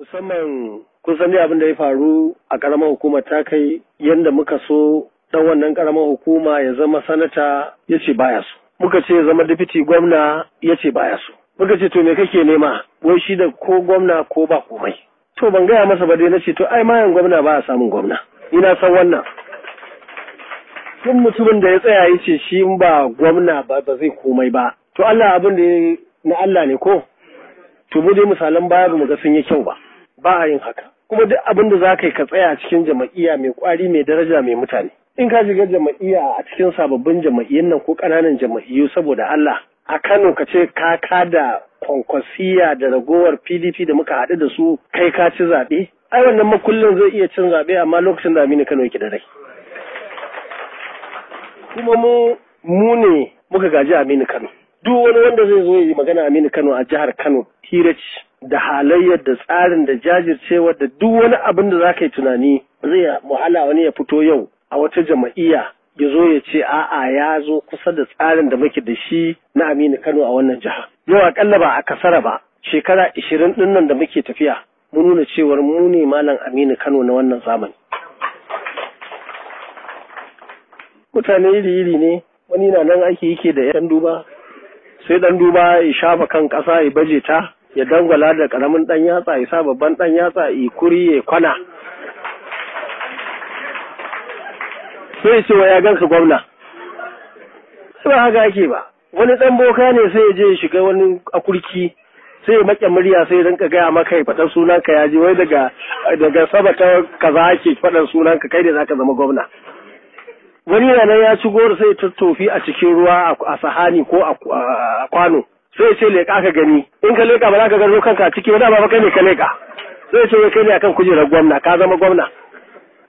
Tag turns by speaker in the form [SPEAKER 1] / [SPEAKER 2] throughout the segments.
[SPEAKER 1] musamman kusan abin da ya faru a karamar hukuma ta kai yadda muka so ɗan wannan karamar hukuma ya zama sanata ya ce baya so muka ce ya zama dafiti gwamna ya ce baya so muka ce to me kake nema wai shi da ko gwamna ko ba komai to ban gaya masa ba dai na ce to ai mayan gwamna ba a samun gwamna ina san wannan tun mutumin da ya tsaya ya ce shi ba gwamna ba ba zai komai ba to Allah abin da na Allah ne ko to mu dai misalan baya ba mu ga sun yi kyau ba ba a yin haka kuma duk abin da za ka yi ka tsaya a cikin jama'iyya mai kwari mai daraja mai mutane in ka shiga jama'iyya a cikin sababbin jama'iyyun nan ko ƙananan jama'iyyu saboda Allah a Kano ka ce ka kada kwankwasiya da ragowar PDP da muka haɗu da su kai ka ci zaɓe ai wannan makullin zai iya cin zaɓe amma lokacin da Aminu Kano yake da rai kuma mu mu ne muka gaji Aminu Kano duk wani wanda zai zo yi magana Aminu Kano a jihar Kano hira da halayyar da tsarin da jajircewar da duk wani abin da za ka yi tunani zai wahala wani ya fito yau a wata jama'iyya ya zo ya ce a'a ya zo kusa da tsarin da muke da shi na Aminu Kano a wannan jiha. Yau akalla ba a kasara ba shekara ishirin ɗin nan da muke tafiya mun nuna cewar mu ne malam Aminu Kano na wannan zamani. Mutane iri-iri ne wani na nan aiki yake da yan duba sai dan duba ya shafa kan ƙasa ya baje ta ya dangwala da karamin dan yatsa ya sa babban dan yatsa i kuri ya kwana sai ce wa ya gansu, gwamna ba haka ake ba wani dan boka ne sai ya je ya shiga wani akurki sai ya maƙe murya sai ya rinka gaya maka ya faɗan sunanka ya ji wai daga daga sabata kaza ake faɗan sunanka kai da za ka zama gwamna wani yana ya ci goro sai ta tofi a cikin ruwa a sahani ko a kwano sai ce leƙa ka gani in ka leƙa ba za ka gano kanka a ciki ba dama ba kai ne ka leƙa sai ce kai ne akan kujerar gwamna ka zama gwamna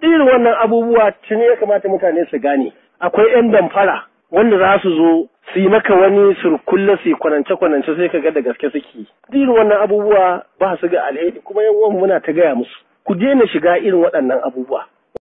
[SPEAKER 1] irin wannan abubuwa tuni ya kamata mutane su gane akwai yan damfara wanda za su zo su yi maka wani surkulle su yi kwanance kwanance sai ka ga da gaske suke irin wannan abubuwa ba su ga alheri kuma yan uwan muna ta gaya musu ku daina shiga irin waɗannan abubuwa